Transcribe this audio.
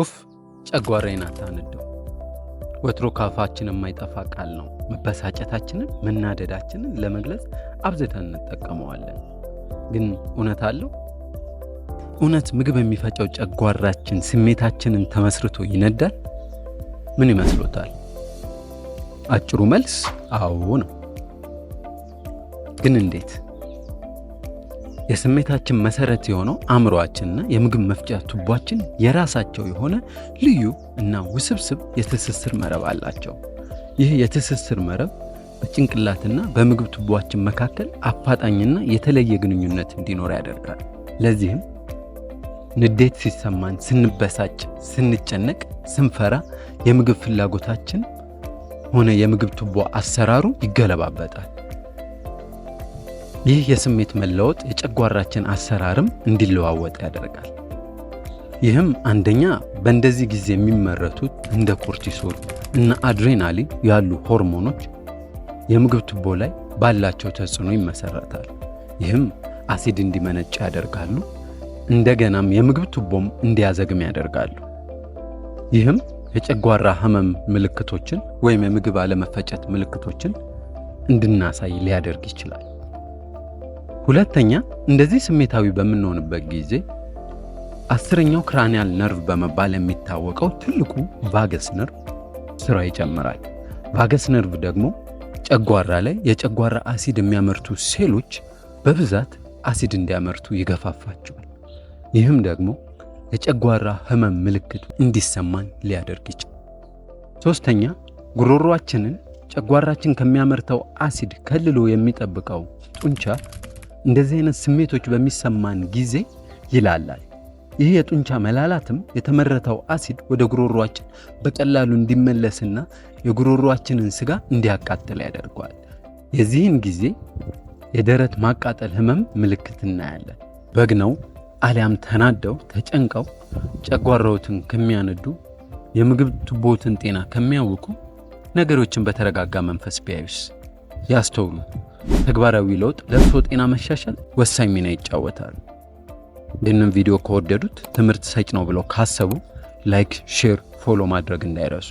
ውፍ ጨጓራዬን አታንደው። ወትሮ ካፋችን የማይጠፋ ቃል ነው። መበሳጨታችንን፣ መናደዳችንን ለመግለጽ አብዝተን እንጠቀመዋለን። ግን እውነት አለው? እውነት ምግብ የሚፈጨው ጨጓራችን ስሜታችንን ተመስርቶ ይነዳል? ምን ይመስሎታል? አጭሩ መልስ አዎ ነው። ግን እንዴት? የስሜታችን መሰረት የሆነው አእምሯችንና የምግብ መፍጫ ቱቧችን የራሳቸው የሆነ ልዩ እና ውስብስብ የትስስር መረብ አላቸው። ይህ የትስስር መረብ በጭንቅላትና በምግብ ቱቧችን መካከል አፋጣኝና የተለየ ግንኙነት እንዲኖር ያደርጋል። ለዚህም ንዴት ሲሰማን፣ ስንበሳጭ፣ ስንጨነቅ፣ ስንፈራ የምግብ ፍላጎታችን ሆነ የምግብ ቱቧ አሰራሩ ይገለባበጣል። ይህ የስሜት መለወጥ የጨጓራችን አሰራርም እንዲለዋወጥ ያደርጋል። ይህም አንደኛ በእንደዚህ ጊዜ የሚመረቱት እንደ ኮርቲሶል እና አድሬናሊን ያሉ ሆርሞኖች የምግብ ቱቦ ላይ ባላቸው ተጽዕኖ ይመሰረታል። ይህም አሲድ እንዲመነጭ ያደርጋሉ። እንደገናም የምግብ ቱቦም እንዲያዘግም ያደርጋሉ። ይህም የጨጓራ ህመም ምልክቶችን ወይም የምግብ አለመፈጨት ምልክቶችን እንድናሳይ ሊያደርግ ይችላል። ሁለተኛ እንደዚህ ስሜታዊ በምንሆንበት ጊዜ አስረኛው ክራኒያል ነርቭ በመባል የሚታወቀው ትልቁ ቫገስ ነርቭ ስራ ይጨምራል። ቫገስ ነርቭ ደግሞ ጨጓራ ላይ የጨጓራ አሲድ የሚያመርቱ ሴሎች በብዛት አሲድ እንዲያመርቱ ይገፋፋቸዋል። ይህም ደግሞ የጨጓራ ህመም ምልክት እንዲሰማን ሊያደርግ ይችላል። ሶስተኛ ጉሮሯችንን ጨጓራችን ከሚያመርተው አሲድ ከልሎ የሚጠብቀው ጡንቻ እንደዚህ አይነት ስሜቶች በሚሰማን ጊዜ ይላላል። ይህ የጡንቻ መላላትም የተመረተው አሲድ ወደ ጉሮሯችን በቀላሉ እንዲመለስና የጉሮሯችንን ስጋ እንዲያቃጥል ያደርገዋል። የዚህን ጊዜ የደረት ማቃጠል ህመም ምልክት እናያለን። በግ ነው አሊያም ተናደው ተጨንቀው ጨጓራዎትን ከሚያነዱ የምግብ ቱቦትን ጤና ከሚያውቁ ነገሮችን በተረጋጋ መንፈስ ቢያዩስ ያስተውሉ። ተግባራዊ ለውጥ ለእርሶ ጤና መሻሻል ወሳኝ ሚና ይጫወታል። ይህንን ቪዲዮ ከወደዱት ትምህርት ሰጭ ነው ብለው ካሰቡ ላይክ፣ ሼር፣ ፎሎ ማድረግ እንዳይረሱ።